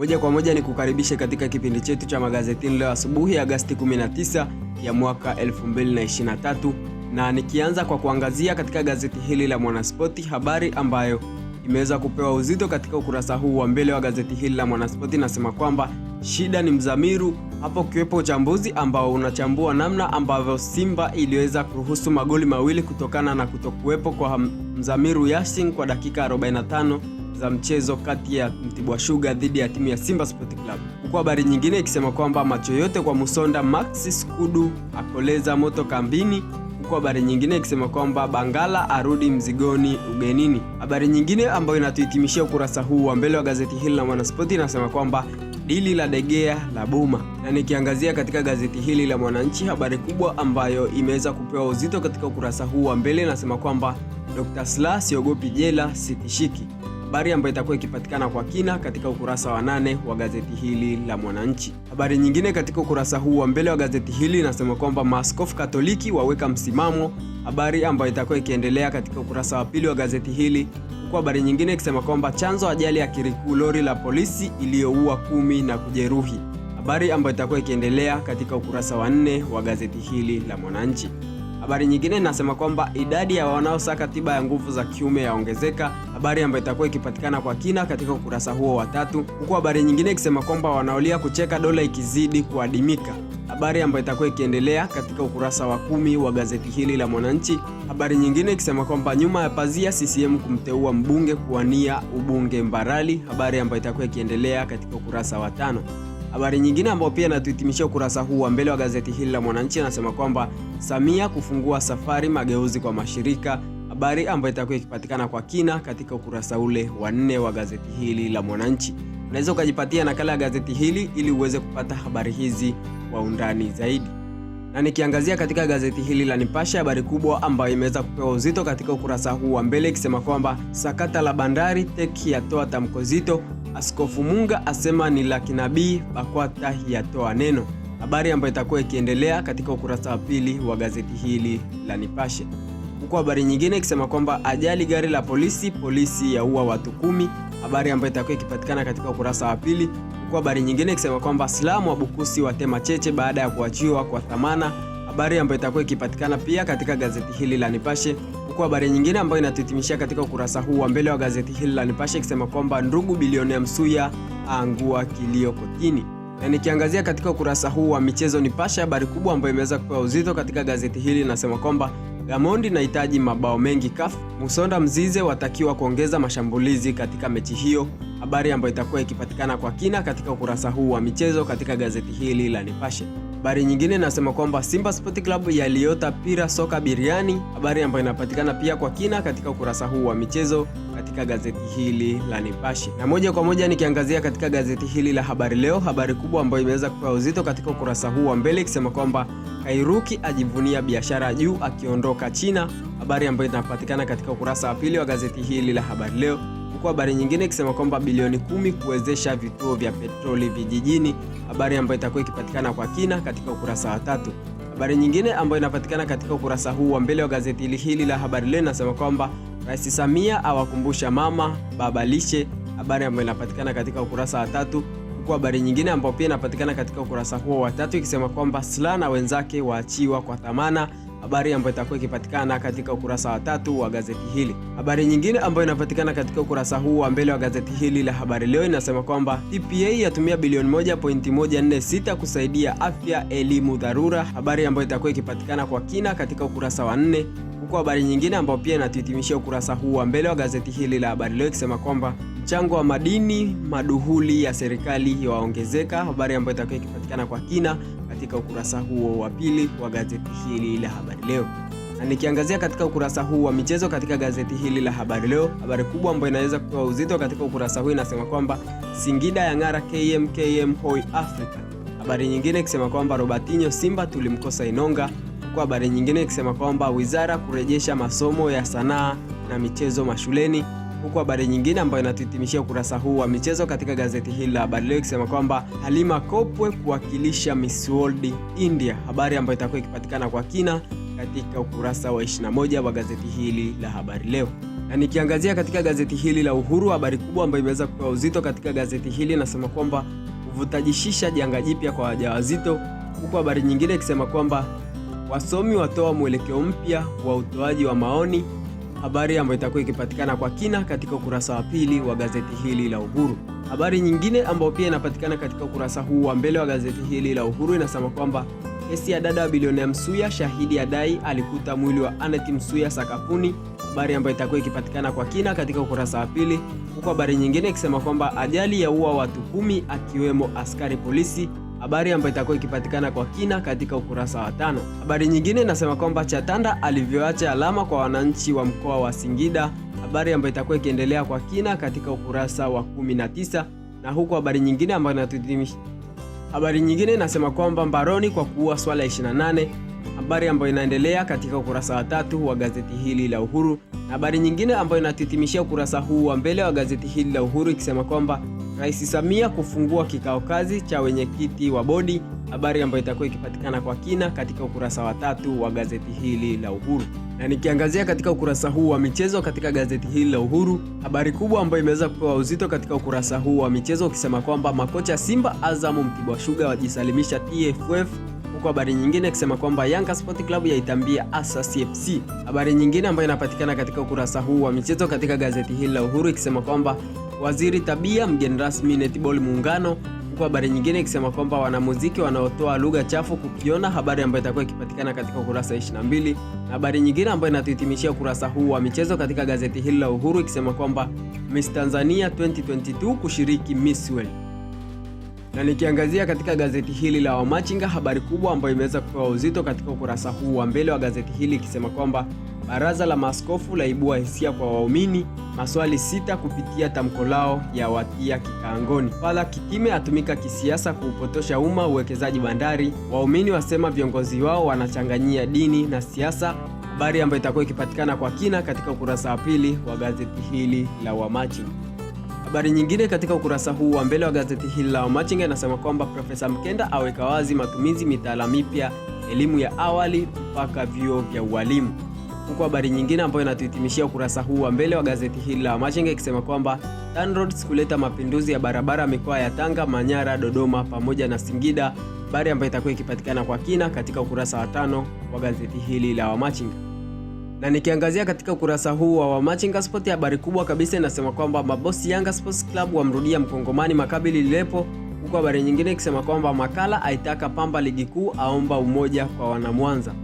Moja kwa moja ni kukaribishe katika kipindi chetu cha magazetini leo asubuhi Agasti 19 ya mwaka 2023, na nikianza kwa kuangazia katika gazeti hili la Mwanaspoti, habari ambayo imeweza kupewa uzito katika ukurasa huu wa mbele wa gazeti hili la Mwanaspoti nasema kwamba shida ni Mzamiru, hapo ukiwepo uchambuzi ambao unachambua namna ambavyo Simba iliweza kuruhusu magoli mawili kutokana na kutokuwepo kwa Mzamiru Yasin kwa dakika 45 za mchezo kati ya Mtibwa Sugar dhidi ya timu ya Simba Sport Club, huku habari nyingine ikisema kwamba macho yote kwa Musonda, Maxis Kudu akoleza moto kambini huku habari nyingine ikisema kwamba Bangala arudi mzigoni ugenini. Habari nyingine ambayo inatuhitimishia ukurasa huu wa mbele wa gazeti hili la Mwanaspoti inasema kwamba dili la Degea la Buma, na nikiangazia katika gazeti hili la Mwananchi, habari kubwa ambayo imeweza kupewa uzito katika ukurasa huu wa mbele inasema kwamba Dr. Slaa siogopi jela sitishiki habari ambayo itakuwa ikipatikana kwa kina katika ukurasa wa nane wa gazeti hili la Mwananchi. Habari nyingine katika ukurasa huu wa mbele wa gazeti hili inasema kwamba maaskofu Katoliki waweka msimamo, habari ambayo itakuwa ikiendelea katika ukurasa wa pili wa gazeti hili huku habari nyingine ikisema kwamba chanzo ajali ya Kirikou, lori la polisi iliyoua kumi na kujeruhi, habari ambayo itakuwa ikiendelea katika ukurasa wa nne wa gazeti hili la Mwananchi. Habari nyingine inasema kwamba idadi ya wanaosaka tiba ya nguvu za kiume yaongezeka, habari ambayo itakuwa ikipatikana kwa kina katika ukurasa huo wa tatu, huku habari nyingine ikisema kwamba wanaolia kucheka dola ikizidi kuadimika, habari ambayo itakuwa ikiendelea katika ukurasa wa kumi wa gazeti hili la Mwananchi, habari nyingine ikisema kwamba nyuma ya pazia CCM kumteua mbunge kuwania ubunge Mbarali, habari ambayo itakuwa ikiendelea katika ukurasa wa tano. Habari nyingine ambayo pia inatuhitimishia ukurasa huu wa mbele wa gazeti hili la Mwananchi anasema kwamba Samia kufungua safari mageuzi kwa mashirika, habari ambayo itakuwa ikipatikana kwa kina katika ukurasa ule wa nne wa gazeti hili la Mwananchi. Unaweza ukajipatia nakala ya gazeti hili ili uweze kupata habari hizi kwa undani zaidi. Na nikiangazia katika gazeti hili la Nipashe, habari kubwa ambayo imeweza kupewa uzito katika ukurasa huu wa mbele ikisema kwamba sakata la bandari, TEC yatoa tamko zito Askofu Munga asema ni la kinabii, BAKWATA yatoa neno, habari ambayo itakuwa ikiendelea katika ukurasa wa pili wa gazeti hili la Nipashe, huku habari nyingine ikisema kwamba ajali gari la polisi, polisi yaua watu kumi, habari ambayo itakuwa ikipatikana katika ukurasa wa pili, huku habari nyingine ikisema kwamba Slamu wa Bukusi watema cheche baada ya kuachiwa kwa thamana habari ambayo itakuwa ikipatikana pia katika gazeti hili la Nipashe, huku habari nyingine ambayo inatuhitimishia katika ukurasa huu wa mbele wa gazeti hili la Nipashe ikisema kwamba ndugu bilionea Msuya aangua kilio kotini. Na nikiangazia katika ukurasa huu wa michezo, Nipashe habari kubwa ambayo imeweza kupewa uzito katika gazeti hili inasema kwamba Gamondi inahitaji mabao mengi CAF, Musonda Mzize watakiwa kuongeza mashambulizi katika mechi hiyo, habari ambayo itakuwa ikipatikana kwa kina katika ukurasa huu wa michezo katika gazeti hili la Nipashe. Habari nyingine inasema kwamba Simba Sport Club yaliota pira soka biriani, habari ambayo inapatikana pia kwa kina katika ukurasa huu wa michezo katika gazeti hili la Nipashe. Na moja kwa moja nikiangazia katika gazeti hili la Habari Leo, habari kubwa ambayo imeweza kupewa uzito katika ukurasa huu wa mbele ikisema kwamba Kairuki ajivunia biashara juu akiondoka China, habari ambayo inapatikana katika ukurasa wa pili wa gazeti hili la Habari Leo huku habari nyingine ikisema kwamba bilioni kumi kuwezesha vituo vya petroli vijijini, habari ambayo itakuwa ikipatikana kwa kina katika ukurasa wa tatu. Habari nyingine ambayo inapatikana katika ukurasa huu wa mbele wa gazeti hili la Habari Leo inasema kwamba Rais Samia awakumbusha mama baba lishe, habari ambayo inapatikana katika ukurasa wa tatu, huku habari nyingine ambayo pia inapatikana katika ukurasa huo wa tatu ikisema kwamba Slaa na wenzake waachiwa kwa thamana habari ambayo itakuwa ikipatikana katika ukurasa wa tatu wa gazeti hili. Habari nyingine ambayo inapatikana katika ukurasa huu wa mbele wa gazeti hili la Habari Leo inasema kwamba TPA yatumia bilioni 1.146 kusaidia afya, elimu, dharura, habari ambayo itakuwa ikipatikana kwa kina katika ukurasa wa nne huko habari nyingine ambayo pia inatuhitimishia ukurasa huu wa mbele wa gazeti hili la Habari Leo ikisema kwamba mchango wa madini maduhuli ya serikali waongezeka, habari ambayo itakuwa ikipatikana kwa kina katika ukurasa huo wa pili wa gazeti hili la Habari Leo. Na nikiangazia katika ukurasa huu wa michezo katika gazeti hili la Habari Leo, habari kubwa ambayo inaweza kuwa uzito katika ukurasa huu inasema kwamba Singida ya ng'ara KMKM Hoi Africa. Habari nyingine ikisema kwamba Robertinho Simba tulimkosa Inonga, kwa habari nyingine ikisema kwamba wizara kurejesha masomo ya sanaa na michezo mashuleni huku habari nyingine ambayo inatuhitimishia ukurasa huu wa michezo katika gazeti hili la habari leo ikisema kwamba Halima Kopwe kuwakilisha Miss World India, habari ambayo itakuwa ikipatikana kwa kina katika ukurasa wa 21 wa gazeti hili la habari leo. Na nikiangazia katika gazeti hili la Uhuru, habari kubwa ambayo imeweza kupewa uzito katika gazeti hili inasema kwamba shisha janga jipya kwa wajawazito, huku habari nyingine ikisema kwamba wasomi watoa mwelekeo mpya wa utoaji wa maoni habari ambayo itakuwa ikipatikana kwa kina katika ukurasa wa pili wa gazeti hili la Uhuru. Habari nyingine ambayo pia inapatikana katika ukurasa huu wa mbele wa gazeti hili la Uhuru inasema kwamba kesi ya dada wa bilionea Msuya, shahidi adai alikuta mwili wa Aneth Msuya sakafuni, habari ambayo itakuwa ikipatikana kwa kina katika ukurasa wa pili, huku habari nyingine ikisema kwamba ajali ya ua watu kumi akiwemo askari polisi habari ambayo itakuwa ikipatikana kwa kina katika ukurasa wa tano. Habari nyingine inasema kwamba Chatanda alivyoacha alama kwa wananchi wa mkoa wa Singida, habari ambayo itakuwa ikiendelea kwa kina katika ukurasa wa 19 na huku habari nyingine ambayo inatuhitimisha habari nyingine inasema kwamba mbaroni kwa kuua swala 28, habari ambayo inaendelea katika ukurasa wa tatu wa gazeti hili la Uhuru, na habari nyingine ambayo inatitimishia ukurasa huu wa mbele wa gazeti hili la Uhuru ikisema kwamba Rais Samia kufungua kikao kazi cha wenyekiti wa bodi, habari ambayo itakuwa ikipatikana kwa kina katika ukurasa wa tatu wa gazeti hili la Uhuru. Na nikiangazia katika ukurasa huu wa michezo katika gazeti hili la Uhuru, habari kubwa ambayo imeweza kupewa uzito katika ukurasa huu wa michezo ukisema kwamba makocha Simba, Azamu, Mtibwa Sugar wajisalimisha TFF huko habari nyingine ikisema kwamba Yanga Sport Club yaitambia Asa CFC. Habari nyingine ambayo inapatikana katika ukurasa huu wa michezo katika gazeti hili la Uhuru ikisema kwamba Waziri Tabia, mgeni rasmi Netball Muungano, huku habari nyingine ikisema kwamba wanamuziki wanaotoa lugha chafu kukiona, habari ambayo itakuwa ikipatikana katika ukurasa 22 na habari nyingine ambayo inatuhitimishia ukurasa huu wa michezo katika gazeti hili la Uhuru ikisema kwamba Miss Tanzania 2022 kushiriki Miss World na nikiangazia katika gazeti hili la Wamachinga, habari kubwa ambayo imeweza kupewa uzito katika ukurasa huu wa mbele wa gazeti hili ikisema kwamba Baraza la Maaskofu laibua hisia kwa waumini, maswali sita kupitia tamko lao ya watia kikaangoni. Fadha Kitime atumika kisiasa kuupotosha umma uwekezaji bandari. Waumini wasema viongozi wao wanachanganyia dini na siasa, habari ambayo itakuwa ikipatikana kwa kina katika ukurasa wa pili wa gazeti hili la Wamachinga. Habari nyingine katika ukurasa huu wa mbele wa gazeti hili la Wamachinga inasema kwamba Profesa Mkenda aweka wazi matumizi mitaala mipya elimu ya awali mpaka vyuo vya ualimu huku habari nyingine ambayo inatuhitimishia ukurasa huu wa mbele wa gazeti hili la Wamachinga ikisema kwamba TANROADS kuleta mapinduzi ya barabara mikoa ya Tanga, Manyara, Dodoma pamoja na Singida, habari ambayo itakuwa ikipatikana kwa kina katika ukurasa wa tano wa gazeti hili la Wamachinga na nikiangazia katika ukurasa huu wa Wamachinga Sport, ya habari kubwa kabisa inasema kwamba mabosi Yanga Sports Club wamrudia mkongomani Makabili lilepo huku habari nyingine ikisema kwamba makala aitaka Pamba ligi kuu, aomba umoja kwa wanamwanza.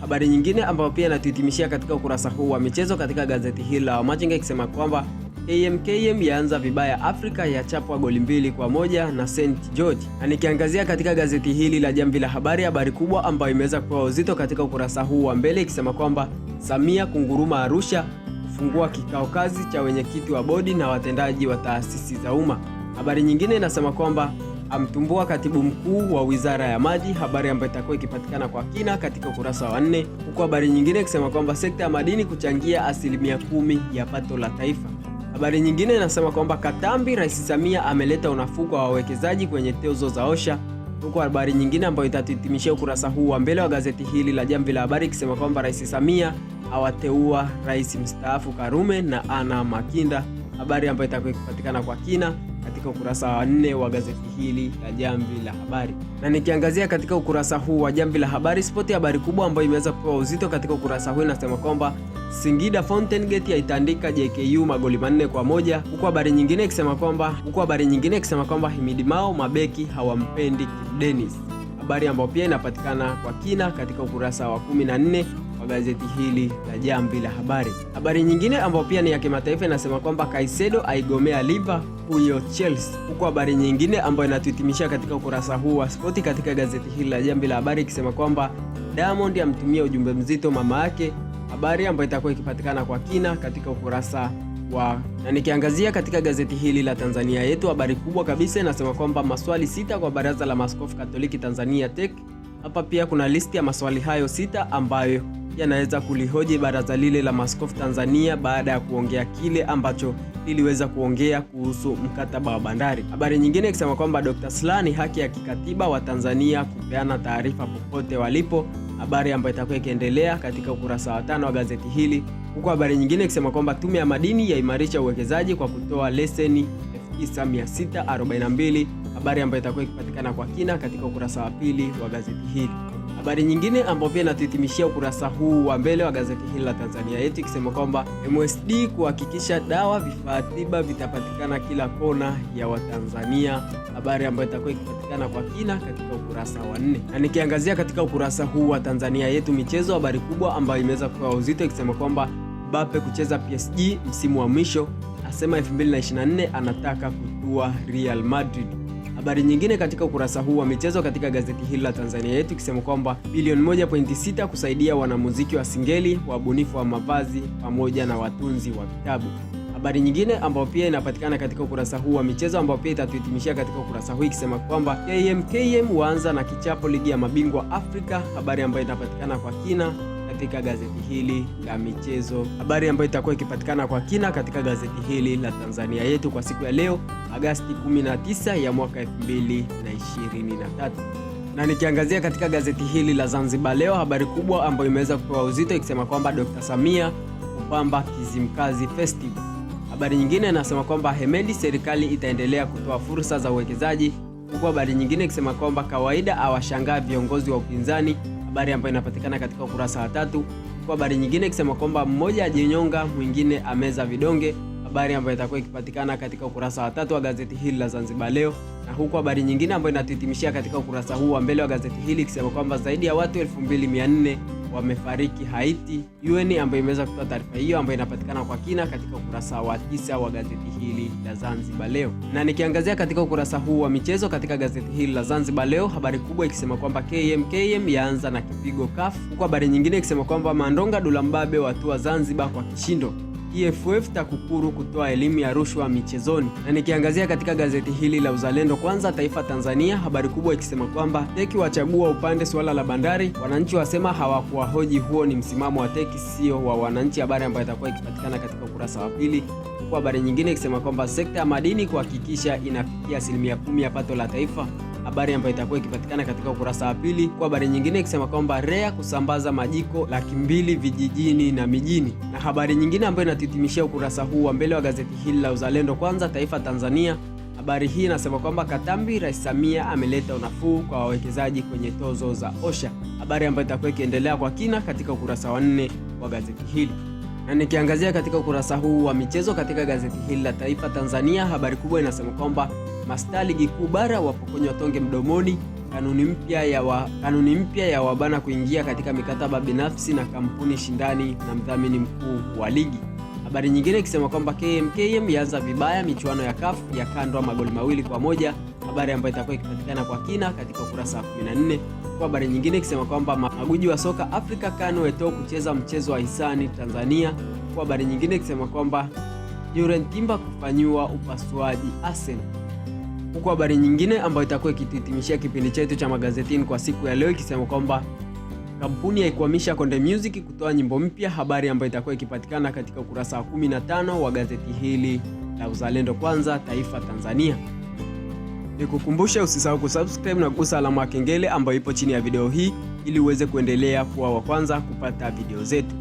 Habari nyingine ambayo pia inatuhitimishia katika ukurasa huu wa michezo katika gazeti hili la Wamachinga ikisema kwamba KMKM yaanza vibaya Afrika yachapwa goli mbili kwa moja na St George. Na nikiangazia katika gazeti hili la Jamvi la Habari, habari kubwa ambayo imeweza kupewa uzito katika ukurasa huu wa mbele ikisema kwamba Samia kunguruma Arusha kufungua kikao kazi cha wenyekiti wa bodi na watendaji wa taasisi za umma. Habari nyingine inasema kwamba amtumbua katibu mkuu wa wizara ya maji, habari ambayo itakuwa ikipatikana kwa kina katika ukurasa wa nne, huku habari nyingine ikisema kwamba sekta ya madini kuchangia asilimia kumi ya pato la taifa. Habari nyingine inasema kwamba Katambi, Rais Samia ameleta unafuu kwa wawekezaji kwenye tozo za OSHA, huku habari nyingine ambayo itatuhitimishia ukurasa huu wa mbele wa gazeti hili la Jamvi la Habari ikisema kwamba Rais Samia awateua rais mstaafu Karume na Ana Makinda, habari ambayo itakuwa ikipatikana kwa kina katika ukurasa wa nne wa gazeti hili la Jamvi la Habari, na nikiangazia katika ukurasa huu wa Jamvi la Habari, spoti habari kubwa ambayo imeweza kupewa uzito katika ukurasa huu inasema kwamba Singida Fountain Gate yaitandika JKU magoli manne kwa moja, huku habari nyingine ikisema kwamba huku habari nyingine ikisema kwamba Himidi Mao mabeki hawampendi Denis, habari ambayo pia inapatikana kwa kina katika ukurasa wa 14 gazeti hili la Jamvi la Habari. Habari nyingine ambayo pia ni ya kimataifa inasema kwamba Kaisedo aigomea Liverpool Chelsea, huku habari nyingine ambayo inatuhitimishia katika ukurasa huu wa spoti katika gazeti hili la Jamvi la Habari ikisema kwamba Diamond amtumia ujumbe mzito mama yake, habari ambayo itakuwa ikipatikana kwa kina katika ukurasa wa na nikiangazia katika gazeti hili la Tanzania Yetu, habari kubwa kabisa inasema kwamba maswali sita kwa Baraza la Maaskofu Katoliki Tanzania TEC. Hapa pia kuna listi ya maswali hayo sita ambayo pia naweza kulihoji baraza lile la maskofu Tanzania baada ya kuongea kile ambacho liliweza kuongea kuhusu mkataba wa bandari. Habari nyingine ikisema kwamba Dr. Slaa ni haki ya kikatiba wa Tanzania kupeana taarifa popote walipo, habari ambayo itakuwa ikiendelea katika ukurasa wa tano wa gazeti hili, huku habari nyingine ikisema kwamba tume ya madini yaimarisha uwekezaji kwa kutoa leseni 9642 habari ambayo itakuwa ikipatikana kwa kina katika ukurasa wa pili wa gazeti hili. Habari nyingine ambayo pia inatuhitimishia ukurasa huu wa mbele wa gazeti hili la Tanzania Yetu ikisema kwamba MSD kuhakikisha dawa, vifaa tiba vitapatikana kila kona ya Watanzania, habari ambayo itakuwa ikipatikana kwa kina katika ukurasa wa nne. Na nikiangazia katika ukurasa huu wa Tanzania Yetu michezo, habari kubwa ambayo imeweza kupewa uzito ikisema kwamba Mbappe kucheza PSG msimu wa mwisho, asema 2024 anataka kutua Real Madrid. Habari nyingine katika ukurasa huu wa michezo katika gazeti hili la Tanzania Yetu ikisema kwamba bilioni 1.6 kusaidia wanamuziki wa singeli, wabunifu wa mavazi pamoja na watunzi wa vitabu. Habari nyingine ambayo pia inapatikana katika ukurasa huu wa michezo ambayo pia itatuhitimishia katika ukurasa huu ikisema kwamba KMKM waanza na kichapo ligi ya mabingwa Afrika, habari ambayo inapatikana kwa kina katika gazeti hili la michezo, habari ambayo itakuwa ikipatikana kwa kina katika gazeti hili la Tanzania yetu kwa siku ya leo Agasti 19 ya mwaka 2023 na nikiangazia katika gazeti hili la Zanzibar Leo, habari kubwa ambayo imeweza kupewa uzito ikisema kwamba Dr. Samia kupamba Kizimkazi Festival. Habari nyingine inasema kwamba Hemedi, serikali itaendelea kutoa fursa za uwekezaji, huku habari nyingine ikisema kwamba kawaida awashangaa viongozi wa upinzani habari ambayo inapatikana katika ukurasa wa tatu, kwa habari nyingine ikisema kwamba mmoja ajinyonga, mwingine ameza vidonge, habari ambayo itakuwa ikipatikana katika ukurasa wa tatu wa gazeti hili la Zanzibar Leo, na huku habari nyingine ambayo inatuhitimishia katika ukurasa huu wa mbele wa gazeti hili ikisema kwamba zaidi ya watu 24 wamefariki Haiti. UN ambayo imeweza kutoa taarifa hiyo ambayo inapatikana kwa kina katika ukurasa wa tisa wa gazeti hili la Zanzibar Leo. Na nikiangazia katika ukurasa huu wa michezo katika gazeti hili la Zanzibar Leo, habari kubwa ikisema kwamba KMKM yaanza na kipigo CAF, huku habari nyingine ikisema kwamba Mandonga dulambabe watua Zanzibar kwa kishindo. TFF TAKUKURU kutoa elimu ya rushwa michezoni. Na nikiangazia katika gazeti hili la Uzalendo Kwanza Taifa Tanzania, habari kubwa ikisema kwamba teki wachagua upande suala la bandari, wananchi wasema hawakuwahoji. Huo ni msimamo wa teki sio wa wananchi, habari ambayo itakuwa ikipatikana katika ukurasa wa pili huku habari nyingine ikisema kwamba sekta ya madini kuhakikisha inafikia asilimia kumi ya pato la taifa habari ambayo itakuwa ikipatikana katika ukurasa wa pili, kwa habari nyingine ikisema kwamba REA kusambaza majiko laki mbili vijijini na mijini. Na habari nyingine ambayo inatitimishia ukurasa huu wa mbele wa gazeti hili la Uzalendo Kwanza, Taifa Tanzania, habari hii inasema kwamba Katambi, Rais Samia ameleta unafuu kwa wawekezaji kwenye tozo za OSHA, habari ambayo itakuwa ikiendelea kwa kina katika ukurasa wa nne wa gazeti hili na nikiangazia katika ukurasa huu wa michezo katika gazeti hili la Taifa Tanzania, habari kubwa inasema kwamba Mastaa ligi kuu bara wapokonywa tonge mdomoni. Kanuni mpya ya, wa, kanuni mpya ya wabana kuingia katika mikataba binafsi na kampuni shindani na mdhamini mkuu wa ligi. Habari nyingine ikisema kwamba KMKM yaanza vibaya michuano ya CAF ya kandwa magoli mawili kwa moja, habari ambayo itakuwa ikipatikana kwa kina katika ukurasa wa 14. Kwa habari nyingine ikisema kwamba maguji wa soka Afrika kano eto kucheza mchezo wa hisani Tanzania. Kwa habari nyingine ikisema kwamba Yuren Timba kufanyiwa upasuaji Arsenal huku habari nyingine ambayo itakuwa ikituhitimishia kipindi chetu cha magazetini kwa siku ya leo ikisema kwamba kampuni yaikuhamisha Konde Music kutoa nyimbo mpya, habari ambayo itakuwa ikipatikana katika ukurasa wa 15 wa gazeti hili la Uzalendo Kwanza Taifa Tanzania. Nikukumbushe usisahau kusubscribe na kugusa alama ya kengele ambayo ipo chini ya video hii ili uweze kuendelea kuwa wa kwanza kupata video zetu.